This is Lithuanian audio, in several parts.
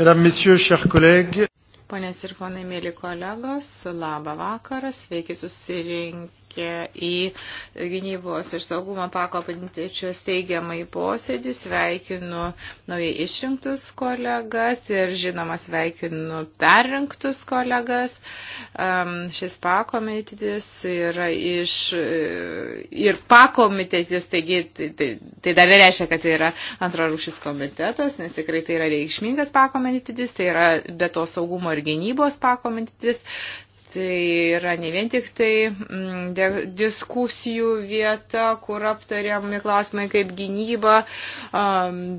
Mesdames, Messieurs, chers collègues. Ponės ir ponai, mėly kolegos, labą vakarą, sveiki susirinkę atvykę į gynybos ir saugumo pakopantyčios teigiamai posėdį. Sveikinu naujai išrinktus kolegas ir žinoma sveikinu perrinktus kolegas. Šis pakomitetis yra iš ir pakomitetis, taigi tai, tai, tai dar nereiškia, kad tai yra antrarūšis komitetas, nes tikrai tai yra reikšmingas pakomitetis, tai yra be to saugumo ir gynybos pakomitetis. Tai yra ne vien tik tai mm, diskusijų vieta, kur aptariami klausimai kaip gynyba,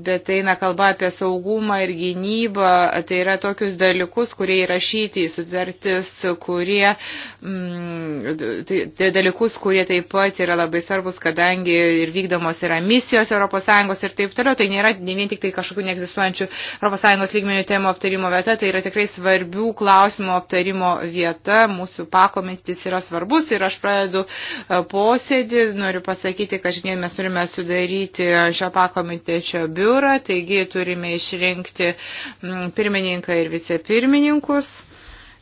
bet eina kalba apie saugumą ir gynybą. Tai yra tokius dalykus, kurie įrašyti į sutartis, kurie, mm, tai, tai dalykus, kurie taip pat yra labai svarbus, kadangi ir vykdomos yra misijos ES ir taip toliau. Tai nėra ne vien tik tai kažkokių neegzistuojančių ES lygmenių temų aptarimo vieta, tai yra tikrai svarbių klausimų aptarimo vieta mūsų pakomitis yra svarbus ir aš pradedu e, posėdį. Noriu pasakyti, kad šiandien mes turime sudaryti šio pakomitečio biurą, taigi turime išrinkti mm, pirmininką ir vicepirmininkus.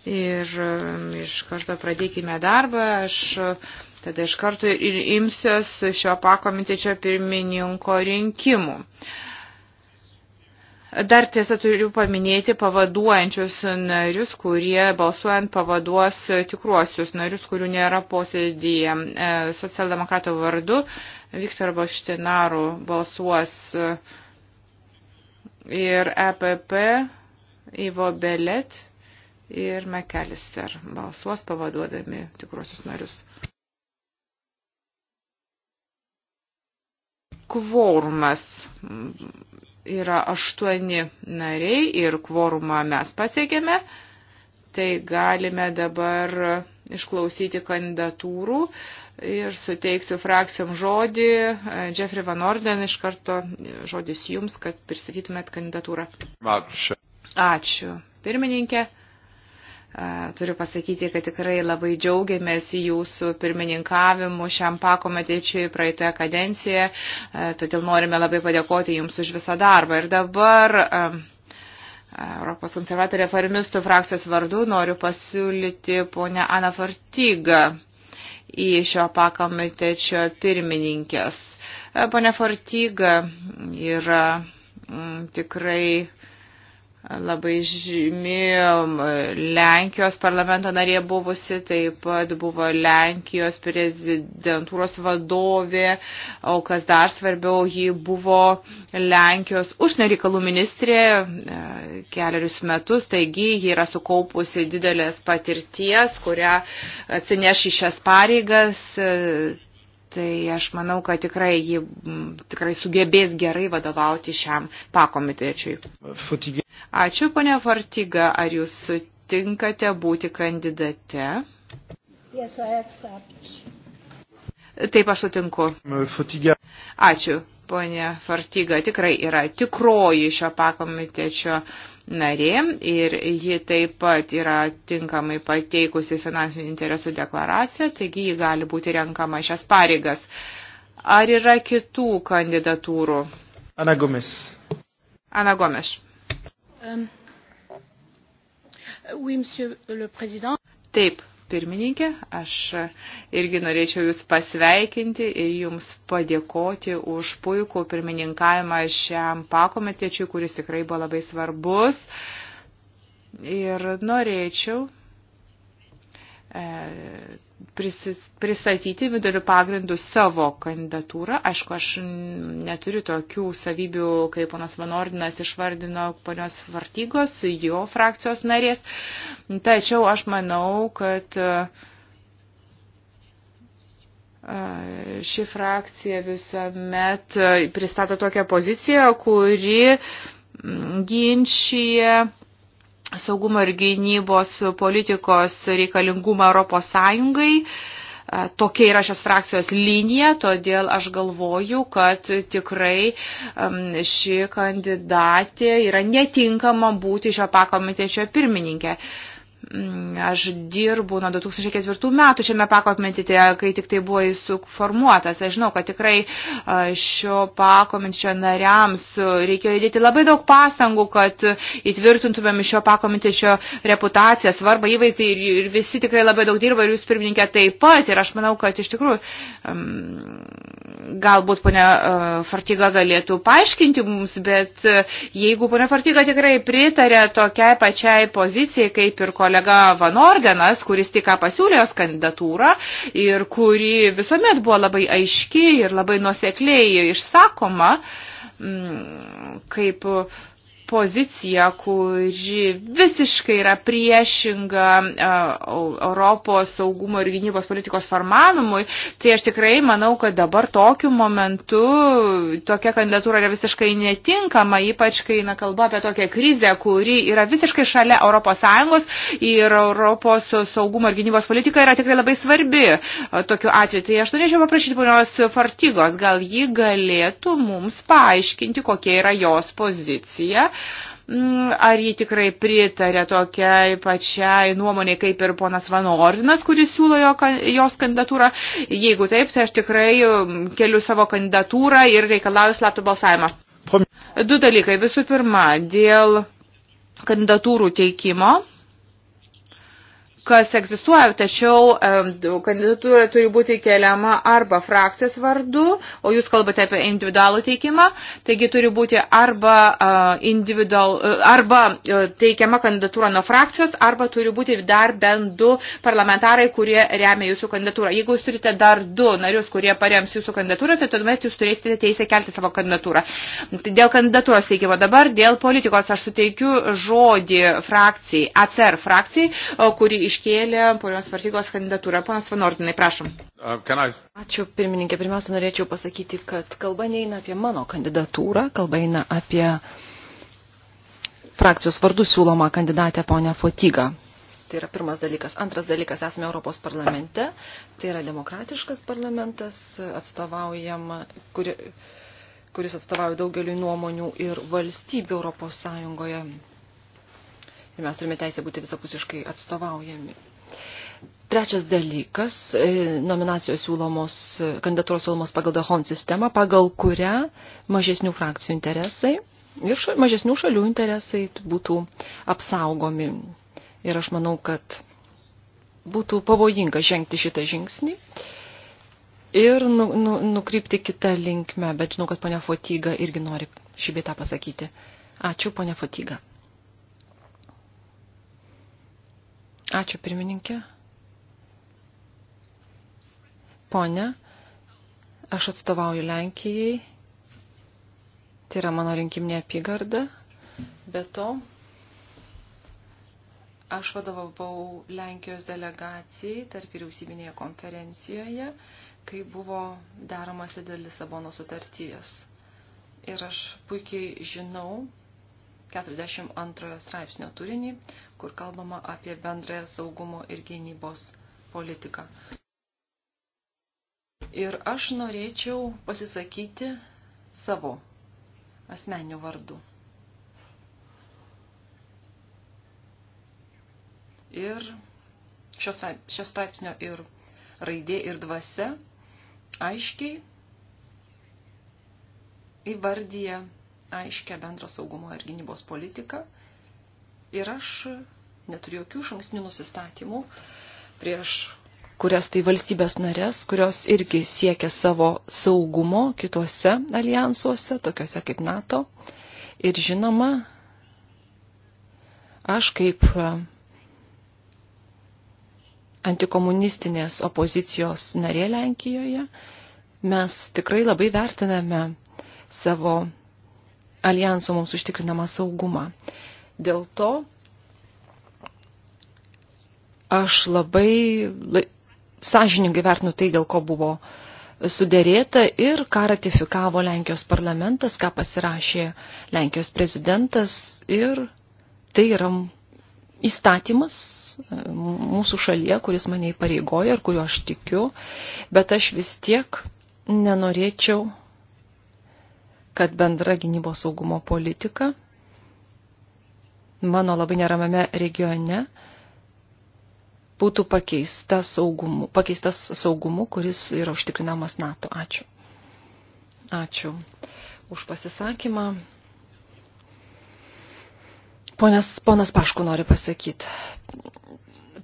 Ir mm, iš karto pradėkime darbą. Aš e, Tada iš karto ir imsiuos šio pakomitečio pirmininko rinkimų. Uh, Dar tiesa turiu paminėti pavaduojančius narius, kurie balsuojant pavaduos tikruosius narius, kurių nėra posėdėje. Socialdemokrato vardu Viktor Boštinaru balsuos e, ir EPP Ivo Belet ir McAllister balsuos pavaduodami tikruosius narius. Kvormas yra aštuoni nariai ir kvorumą mes pasiekėme, tai galime dabar išklausyti kandidatūrų ir suteiksiu frakcijom žodį. Jeffrey Van Orden iš karto žodis jums, kad pristatytumėt kandidatūrą. Ačiū. Ačiū. Pirmininkė. Turiu pasakyti, kad tikrai labai džiaugiamės jūsų pirmininkavimu šiam pakometečiui praeitoje kadencijoje, todėl norime labai padėkoti jums už visą darbą. Ir dabar Europos konservatorių reformistų frakcijos vardu noriu pasiūlyti ponę Aną Fortygą į šio pakometečio pirmininkės. Pone Fortyga yra tikrai labai žymi um, Lenkijos parlamento narė buvusi, taip pat buvo Lenkijos prezidentūros vadovė, o kas dar svarbiau, ji buvo Lenkijos užsienio reikalų ministrė e, keliarius metus, taigi ji yra sukaupusi didelės patirties, kurią atsineš į šias pareigas. E, tai aš manau, kad tikrai ji tikrai sugebės gerai vadovauti šiam pakomitečiui. Fotygi. Ačiū, ponia Fortiga, ar jūs sutinkate būti kandidate? Yes, Taip, aš sutinku. Fortiga. Ačiū, ponia Fortiga, tikrai yra tikroji šio pakomitečio narė ir ji taip pat yra tinkamai pateikusi finansinių interesų deklaraciją, taigi ji gali būti renkama šias pareigas. Ar yra kitų kandidatūrų? Ana Gomes. Ana Gomes. Um. Oui, monsieur le président. Taip, pirmininkė, aš irgi norėčiau Jūs pasveikinti ir Jums padėkoti už puikų pirmininkavimą šiam pakomitečiui, kuris tikrai buvo labai svarbus. Ir norėčiau E, pristatyti vidurių pagrindų savo kandidatūrą. Aišku, aš neturiu tokių savybių, kaip ponas Vanordinas išvardino ponios Vartygos, jo frakcijos narės. Tačiau aš manau, kad e, ši frakcija visuomet e, pristato tokią poziciją, kuri ginčyje saugumo ir gynybos politikos reikalingumą Europos Sąjungai. E, tokia yra šios frakcijos linija, todėl aš galvoju, kad tikrai ši kandidatė yra netinkama būti šio pakomitečio pirmininkė. Mm, aš dirbu nuo 2004 metų šiame pako apmetite, kai tik tai buvo jis suformuotas. Aš žinau, kad tikrai šio pako mitečio nariams reikėjo įdėti labai daug pasangų, kad įtvirtintumėm šio pako mitečio reputaciją, svarbą įvaizdį ir, ir visi tikrai labai daug dirba ir jūs pirmininkė taip pat. Ir aš manau, kad iš tikrųjų galbūt ponia Fartiga galėtų paaiškinti mums, bet jeigu ponia Fartiga tikrai pritarė tokiai pačiai pozicijai kaip ir kolega, kolega Van Ordenas, kuris tik ką pasiūlė jos kandidatūrą ir kuri visuomet buvo labai aiški ir labai nuosekliai išsakoma, mm, kaip uh, poziciją, kuri visiškai yra priešinga e, Europos saugumo ir gynybos politikos formavimui, tai aš tikrai manau, kad dabar tokiu momentu tokia kandidatūra yra visiškai netinkama, ypač kai na, kalba apie tokią krizę, kuri yra visiškai šalia ES ir Europos saugumo ir gynybos politika yra tikrai labai svarbi e, tokiu atveju. Tai aš norėčiau paprašyti ponios Fartigos, gal ji galėtų mums paaiškinti, kokia yra jos pozicija Mm, ar jį tikrai pritarė tokiai pačiai nuomonė kaip ir ponas Vanordinas, kuris siūlo jo, jos kandidatūrą. Jeigu taip, tai aš tikrai mm, keliu savo kandidatūrą ir reikalauju slaptų balsavimą. Du dalykai. Visų pirma, dėl kandidatūrų teikimo kas egzistuoja, tačiau kandidatūra turi būti keliama arba frakcijos vardu, o jūs kalbate apie individualų teikimą, taigi turi būti arba, e, individual, e, arba e, teikiama kandidatūra nuo frakcijos, arba turi būti dar bent du parlamentarai, kurie remia jūsų kandidatūrą. Jeigu jūs turite dar du narius, kurie parems jūsų kandidatūrą, tai tuomet jūs turėsite teisę kelti savo kandidatūrą. Tai dėl kandidatūros teikimo dabar, dėl politikos aš suteikiu žodį frakcijai, ACR frakcijai, kuri iškėlė ponios Vartygos kandidatūrą. Ponas Vanortinai, prašom. Uh, Ačiū, pirmininkė. Pirmiausia, norėčiau pasakyti, kad kalba neina apie mano kandidatūrą, kalba eina apie frakcijos vardų siūlomą kandidatę ponę Fotygą. Tai yra pirmas dalykas. Antras dalykas, esame Europos parlamente, tai yra demokratiškas parlamentas, atstovaujama, kuri, kuris atstovauja daugeliu nuomonių ir valstybių Europos Sąjungoje ir mes turime teisę būti visapusiškai atstovaujami. Trečias dalykas e, - nominacijos siūlomos, kandidatūros siūlomos pagal Dahon sistemą, pagal kurią mažesnių frakcijų interesai ir šal, mažesnių šalių interesai būtų apsaugomi. Ir aš manau, kad būtų pavojinga žengti šitą žingsnį ir nu, nu, nukrypti kitą linkmę, bet žinau, kad ponia Fotyga irgi nori šį beitą pasakyti. Ačiū, ponia Fotyga. Ačiū pirmininkė. Pone, aš atstovauju Lenkijai. Tai yra mano rinkiminė apygarda. Be to, aš vadovavau Lenkijos delegacijai tarp vyriausybinėje konferencijoje, kai buvo daromasi dėl Lisabono sutarties. Ir aš puikiai žinau, 42 straipsnio turinį, kur kalbama apie bendrąją saugumo ir gynybos politiką. Ir aš norėčiau pasisakyti savo asmeniu vardu. Ir šios straipsnio ir raidė ir dvasia aiškiai įvardyje aiškę bendrą saugumo ir gynybos politiką. Ir aš neturiu jokių šanksnių nusistatymų prieš kurias tai valstybės narės, kurios irgi siekia savo saugumo kitose alijansuose, tokiuose kaip NATO. Ir žinoma, aš kaip e, antikomunistinės opozicijos narė Lenkijoje, mes tikrai labai vertiname savo alijanso mums užtikrinamą saugumą. Dėl to aš labai sąžiningai vertinu tai, dėl ko buvo sudėrėta ir ką ratifikavo Lenkijos parlamentas, ką pasirašė Lenkijos prezidentas ir tai yra įstatymas e, mūsų šalyje, kuris mane įpareigoja ir kuriuo aš tikiu, bet aš vis tiek nenorėčiau kad bendra gynybos saugumo politika mano labai neramame regione būtų pakeista saugumu, pakeistas saugumu, kuris yra užtikrinamas NATO. Ačiū. Ačiū už pasisakymą. Ponas, ponas Pašku nori pasakyti.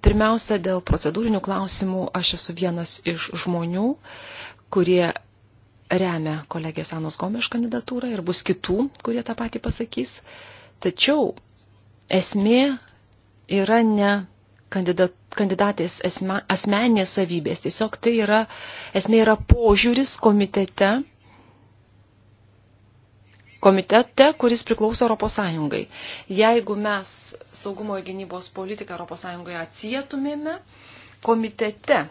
Pirmiausia, dėl procedūrinių klausimų aš esu vienas iš žmonių, kurie remia kolegės Anos Gomeš kandidatūrą ir bus kitų, kurie tą patį pasakys. Tačiau esmė yra ne kandidat, kandidatės esma, asmeninės savybės, tiesiog tai yra, esmė yra požiūris komitete, komitete, kuris priklauso Europos Sąjungai. Jeigu mes saugumo ir gynybos politiką Europos Sąjungoje atsietumėme, komitete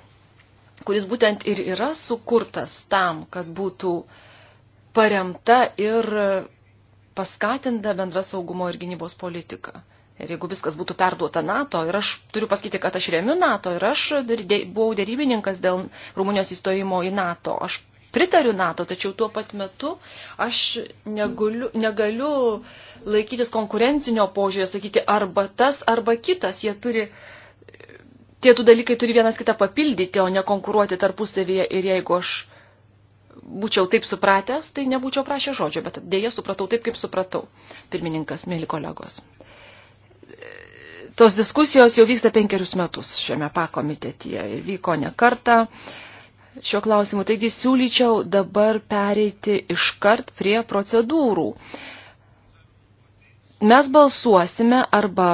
kuris būtent ir yra sukurtas tam, kad būtų paremta ir paskatinta bendra saugumo ir gynybos politika. Ir jeigu viskas būtų perduota NATO, ir aš turiu pasakyti, kad aš remiu NATO, ir aš buvau dėrybininkas dėl Rumunijos įstojimo į NATO, aš pritariu NATO, tačiau tuo pat metu aš negaliu, negaliu laikytis konkurencinio požiūrio, sakyti arba tas, arba kitas. Jie turi uh, tie du dalykai turi vienas kitą papildyti, o ne konkuruoti tarpusavyje. Ir jeigu aš būčiau taip supratęs, tai nebūčiau prašę žodžio, bet dėja supratau taip, kaip supratau, pirmininkas, mėly kolegos. Tos diskusijos jau vyksta penkerius metus šiame pakomitetyje ir vyko ne kartą šio klausimu. Taigi siūlyčiau dabar pereiti iškart prie procedūrų. Mes balsuosime arba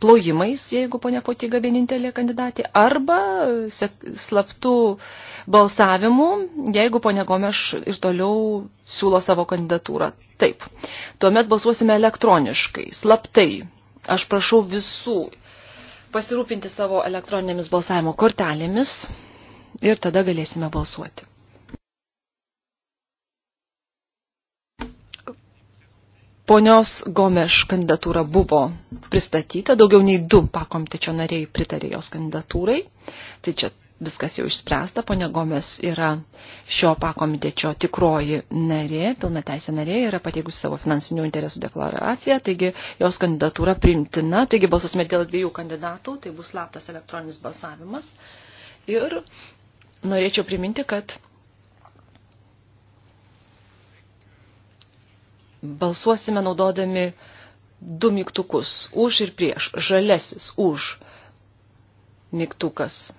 plojimais, jeigu ponia Potiga vienintelė kandidatė, arba slaptų balsavimų, jeigu ponia Gomeš ir toliau siūlo savo kandidatūrą. Taip. Tuomet balsuosime elektroniškai, slaptai. Aš prašau visų pasirūpinti savo elektroninėmis balsavimo kortelėmis ir tada galėsime balsuoti. Ponios Gomeš kandidatūra buvo pristatyta, daugiau nei du pakomitečio nariai pritarė jos kandidatūrai. Tai čia viskas jau išspręsta. Pone Gomes yra šio pakomitečio tikroji narė, pilna teisė narė, yra pateikusi savo finansinių interesų deklaraciją, taigi jos kandidatūra primtina. Taigi balsosime dėl dviejų kandidatų, tai bus slaptas elektroninis balsavimas. Ir norėčiau priminti, kad balsuosime naudodami du mygtukus - už ir prieš. Žalesis - už mygtukas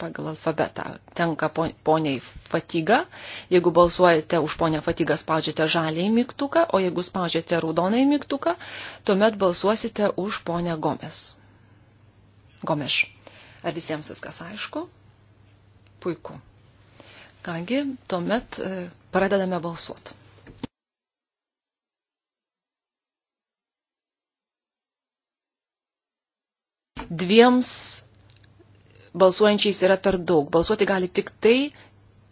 pagal alfabetą. Tenka poniai fatiga. Jeigu balsuojate už ponę fatigą, spaudžiate žaliai mygtuką, o jeigu spaudžiate raudonai mygtuką, tuomet balsuosite už ponę Gomes. Gomeš. Ar visiems viskas aišku? Puiku. Kągi, tuomet e, pradedame balsuoti. dviems balsuojančiais yra per daug. Balsuoti gali tik tai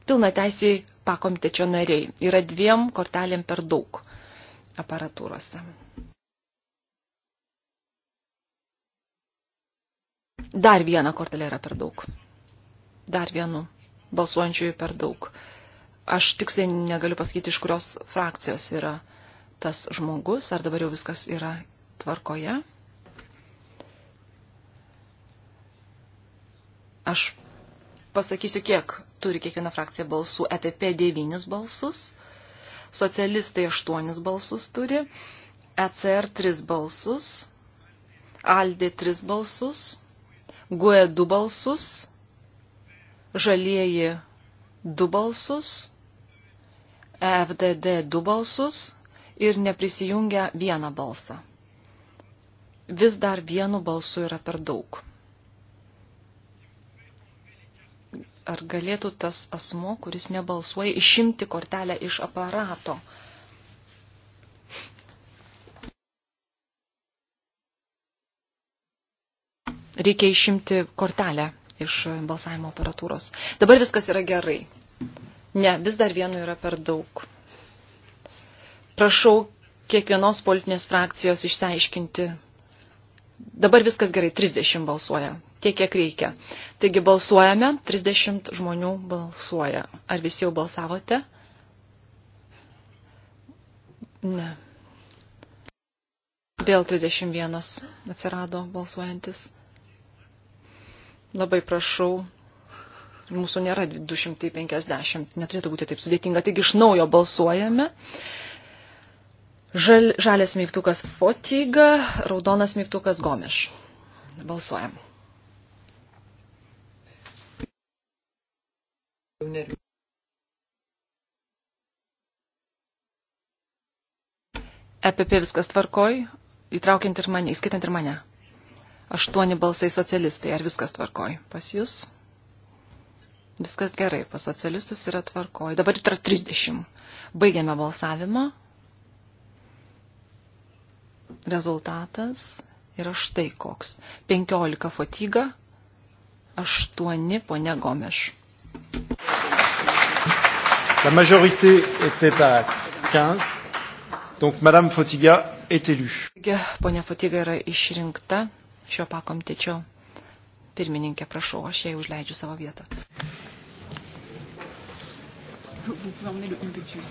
pilna teisiai pakomitečio nariai. Yra dviem kortelėm per daug aparatūrose. Dar vieną kortelę yra per daug. Dar vienu balsuojančiųjų per daug. Aš tiksliai negaliu pasakyti, iš kurios frakcijos yra tas žmogus, ar dabar jau viskas yra tvarkoje. Aš pasakysiu, kiek turi kiekviena frakcija balsų. EPP 9 balsus, socialistai 8 balsus turi, ECR 3 balsus, ALDE 3 balsus, GUE 2 balsus, Žalieji 2 balsus, EFDD 2 balsus ir neprisijungia vieną balsą. Vis dar vienu balsu yra per daug. ar galėtų tas asmo, kuris nebalsuoja, išimti kortelę iš aparato. Reikia išimti kortelę iš balsavimo aparatūros. Dabar viskas yra gerai. Ne, vis dar vienu yra per daug. Prašau kiekvienos politinės frakcijos išsiaiškinti dabar viskas gerai, 30 balsuoja, tiek kiek reikia. Taigi balsuojame, 30 žmonių balsuoja. Ar visi jau balsavote? Ne. Vėl 31 atsirado balsuojantis. Labai prašau, mūsų nėra 250, neturėtų būti taip sudėtinga, taigi iš naujo balsuojame. Uh, Žal, žalės mygtukas Fotyga, raudonas mygtukas Gomeš. Balsuojam. EPP viskas tvarkoj, įtraukiant ir mane, įskaitant ir mane. Aštuoni balsai socialistai, ar viskas tvarkoj pas jūs? Viskas gerai, pas socialistus yra tvarkoj. Dabar yra 30. Baigiame balsavimą rezultatas yra štai koks. 15 fotyga, 8 ponia Gomeš. La majorité était à 15, donc Madame Fotiga est élue. Ponia Fotiga yra išrinkta šio pakomtečio pirmininkė, prašau, aš jai užleidžiu savo vietą. Vous pouvez emmener le impetueux.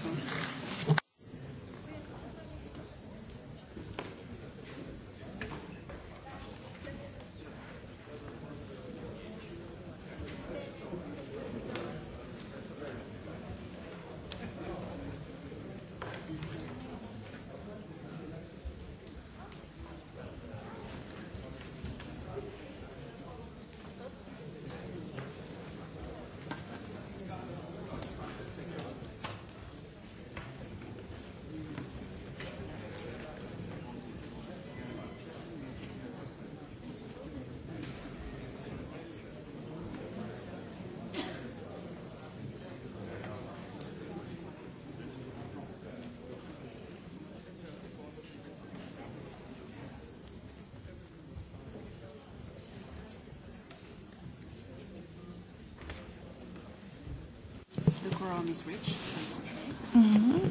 quorum is reached, so it's okay. Mm-hmm.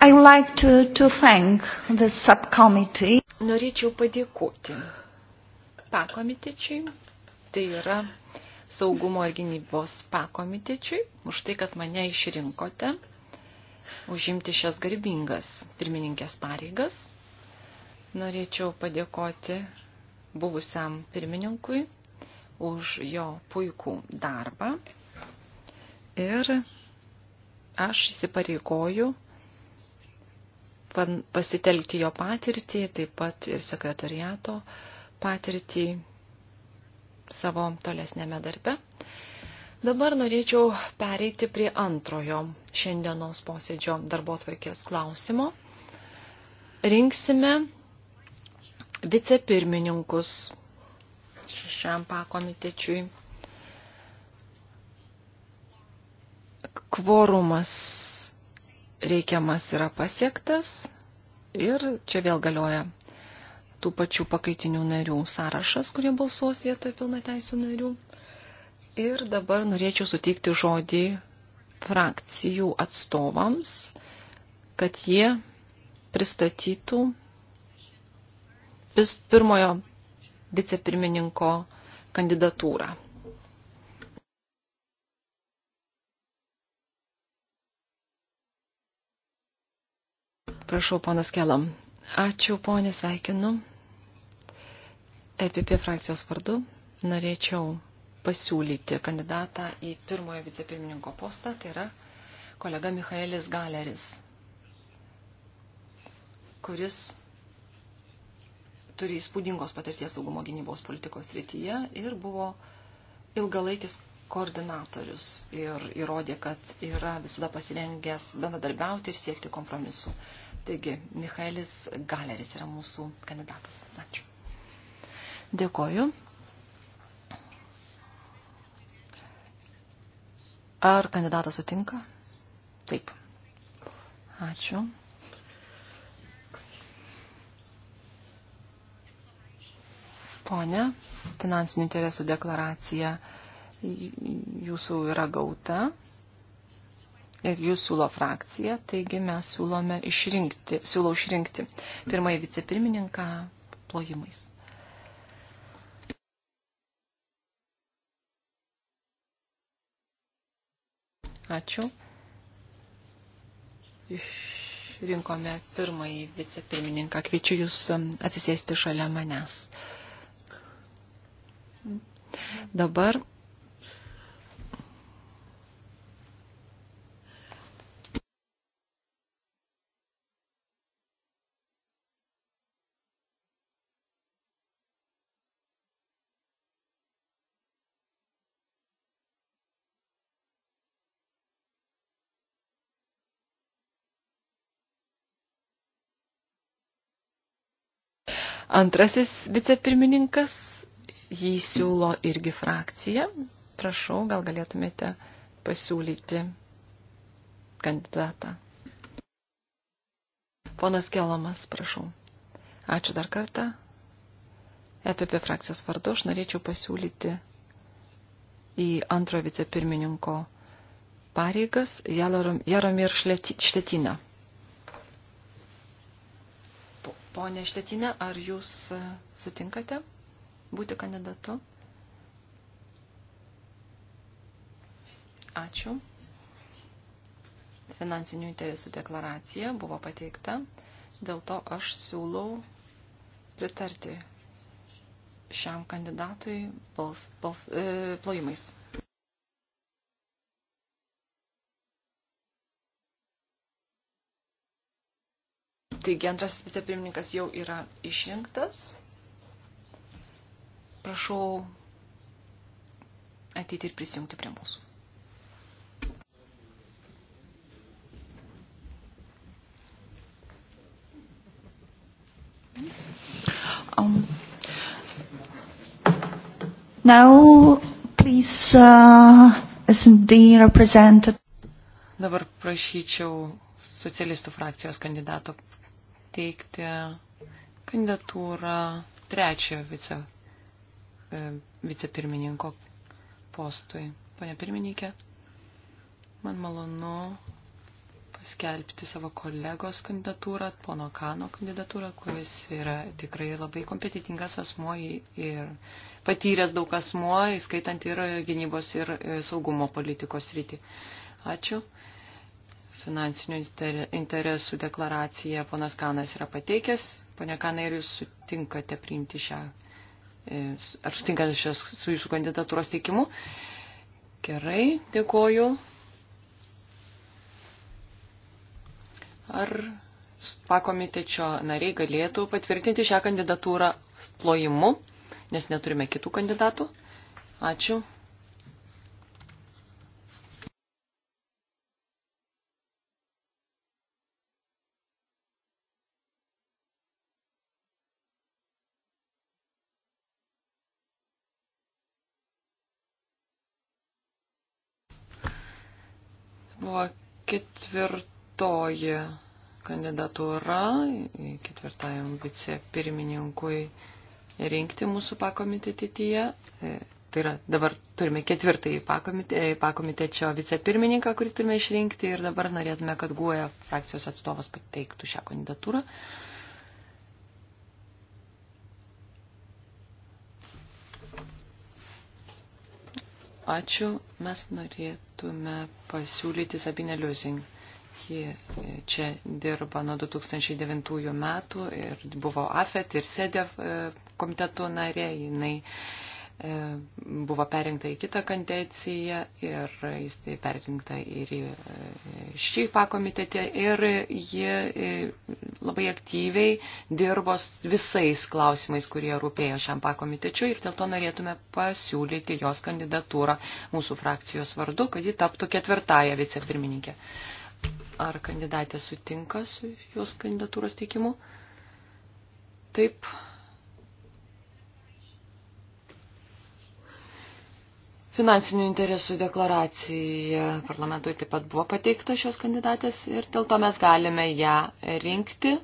I would like to, to thank the subcommittee. Norėčiau padėkoti pakomitečiui, tai yra saugumo ir gynybos pakomitečiui, už tai, kad mane išrinkote užimti šias garbingas pirmininkės pareigas. Norėčiau padėkoti buvusiam pirmininkui už jo puikų darbą. Ir aš įsipareigoju pasitelkti jo patirtį, taip pat ir sekretariato patirtį savo tolesnėme darbe. Dabar norėčiau pereiti prie antrojo šiandienos posėdžio darbo tvarkės klausimo. Rinksime vicepirmininkus šiam pakomitečiui. Kvorumas reikiamas yra pasiektas ir čia vėl galioja tų pačių pakaitinių narių sąrašas, kurie balsuos vietoje pilnateisių narių. Ir dabar norėčiau suteikti žodį frakcijų atstovams, kad jie pristatytų pirmojo vicepirmininko kandidatūrą. Prašau, ponas Kelam. Ačiū, ponė, sveikinu. EPP frakcijos vardu norėčiau pasiūlyti kandidatą į pirmojo vicepirmininko postą, tai yra kolega Michaelis Galeris, kuris turi įspūdingos patirties saugumo gynybos politikos rytyje ir buvo ilgalaikis koordinatorius ir įrodė, kad yra visada pasirengęs bendradarbiauti ir siekti kompromisų. Taigi, Michaelis Galeris yra mūsų kandidatas. Ačiū. Dėkoju. Ar kandidatas sutinka? Taip. Ačiū. Pone, finansinių interesų deklaracija jūsų yra gauta ir jūs siūlo frakciją, taigi mes siūlome išrinkti, siūlau išrinkti pirmąjį vicepirmininką plojimais. Ačiū. Išrinkome pirmąjį vicepirmininką. Kviečiu jūs um, atsisėsti šalia manęs. Dabar antrasis vicepirmininkas jį siūlo irgi frakcija. Prašau, gal galėtumėte pasiūlyti kandidatą. Ponas Kelamas, prašau. Ačiū dar kartą. EPP frakcijos vardu aš norėčiau pasiūlyti į antrojo vicepirmininko pareigas Jaromir Štetiną. Pone Štetinė, ar jūs sutinkate? būti kandidatu. Ačiū. Finansinių interesų deklaracija buvo pateikta, dėl to aš siūlau pritarti šiam kandidatui bals, bals, e, plojimais. Taigi antras vicepirmininkas jau yra išrinktas. Prašau ateiti ir prisijungti prie mūsų. Um, now, please, uh, SD representative. Dabar prašyčiau socialistų frakcijos kandidato teikti kandidatūrą trečiojo vice E, vicepirmininko postui. Pone pirmininkė, man malonu paskelbti savo kolegos kandidatūrą, pono Kano kandidatūrą, kuris yra tikrai labai kompetitingas asmuo ir patyręs daug asmuo, įskaitant ir gynybos ir e, saugumo politikos rytį. Ačiū. Finansinių interesų deklaraciją ponas Kanas yra pateikęs. Pone Kanai, ar jūs sutinkate priimti šią E, ar sutinkate šios su jūsų kandidatūros teikimu? Gerai, dėkoju. Ar pakomitečio nariai galėtų patvirtinti šią kandidatūrą plojimu, nes neturime kitų kandidatų? Ačiū. ketvirtoji kandidatūra ketvirtajam vicepirmininkui rinkti mūsų pakomitetyje. E, tai yra, dabar turime ketvirtąjį pakomite, e, pakomitečio vicepirmininką, kurį turime išrinkti ir dabar norėtume, kad guoja frakcijos atstovas pateiktų šią kandidatūrą. Ačiū. Mes norėtume pasiūlyti Sabinę Liuzing. Ji e, čia dirba nuo 2009 metų ir buvo AFET ir SEDEV e, komitetų narė. Jinai e, buvo perinkta į kitą kadenciją ir jis tai perinkta ir į šį pakomitetę ir ji labai aktyviai dirbo visais klausimais, kurie rūpėjo šiam pakomitečiui ir dėl to norėtume pasiūlyti jos kandidatūrą mūsų frakcijos vardu, kad ji taptų ketvirtąją vicepirmininkę. Ar kandidatė sutinka su jos kandidatūros teikimu? Taip. Finansinių interesų deklaracija parlamentui taip pat buvo pateikta šios kandidatės ir dėl to mes galime ją rinkti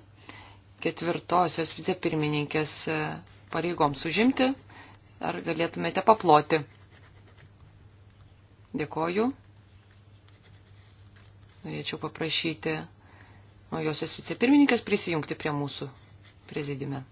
ketvirtosios vicepirmininkės pareigoms užimti. Ar galėtumėte paploti? Dėkoju. Norėčiau paprašyti naujosios vicepirmininkės prisijungti prie mūsų prezidime.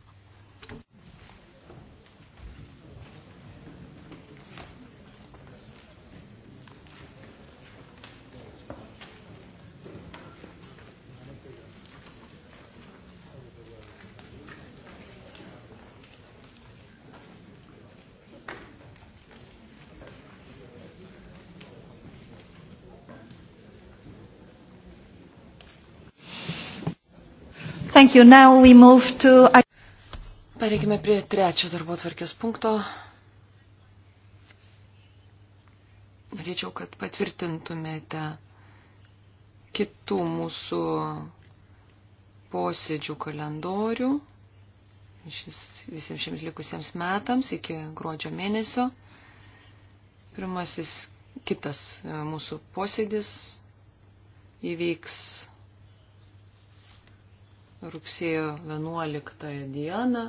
Thank you. Now we move to... Pareikime prie trečio darbo tvarkės punkto. Norėčiau, kad patvirtintumėte kitų mūsų posėdžių kalendorių šis, visiems šiems likusiems metams iki gruodžio mėnesio. Pirmasis kitas mūsų posėdis įvyks rugsėjo 11 dieną.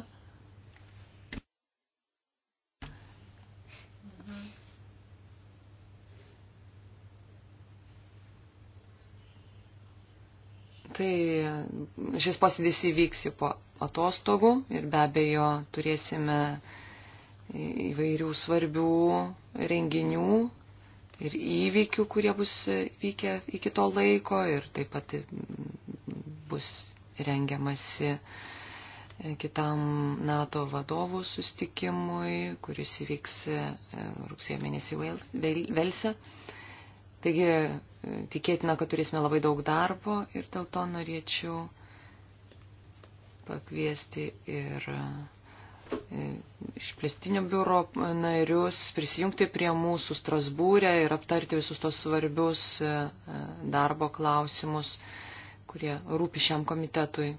Tai šis posėdis įvyks jau po atostogų ir be abejo turėsime įvairių svarbių renginių ir įvykių, kurie bus vykę iki to laiko ir taip pat bus rengiamasi kitam NATO vadovų sustikimui, kuris įvyks e, rugsėjo mėnesį Velse. Taigi e, tikėtina, kad turėsime labai daug darbo ir dėl to norėčiau pakviesti ir e, išplėstinio biuro narius prisijungti prie mūsų Strasbūrė ir aptarti visus tos svarbius darbo klausimus kurie rūpi šiam komitetui.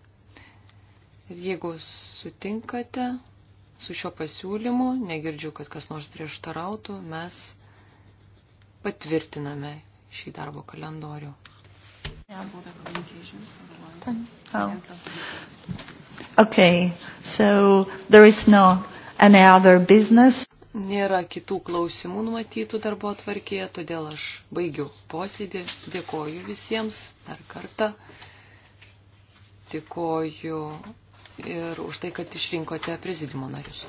Ir jeigu sutinkate su šiuo pasiūlymu, negirdžiu, kad kas nors prieštarautų, mes patvirtiname šį darbo kalendorių. Yeah. Oh. Okay, so there is no any other business nėra kitų klausimų numatytų darbo atvarkėje, todėl aš baigiu posėdį. Dėkoju visiems dar kartą. Dėkoju ir už tai, kad išrinkote prezidimo narius.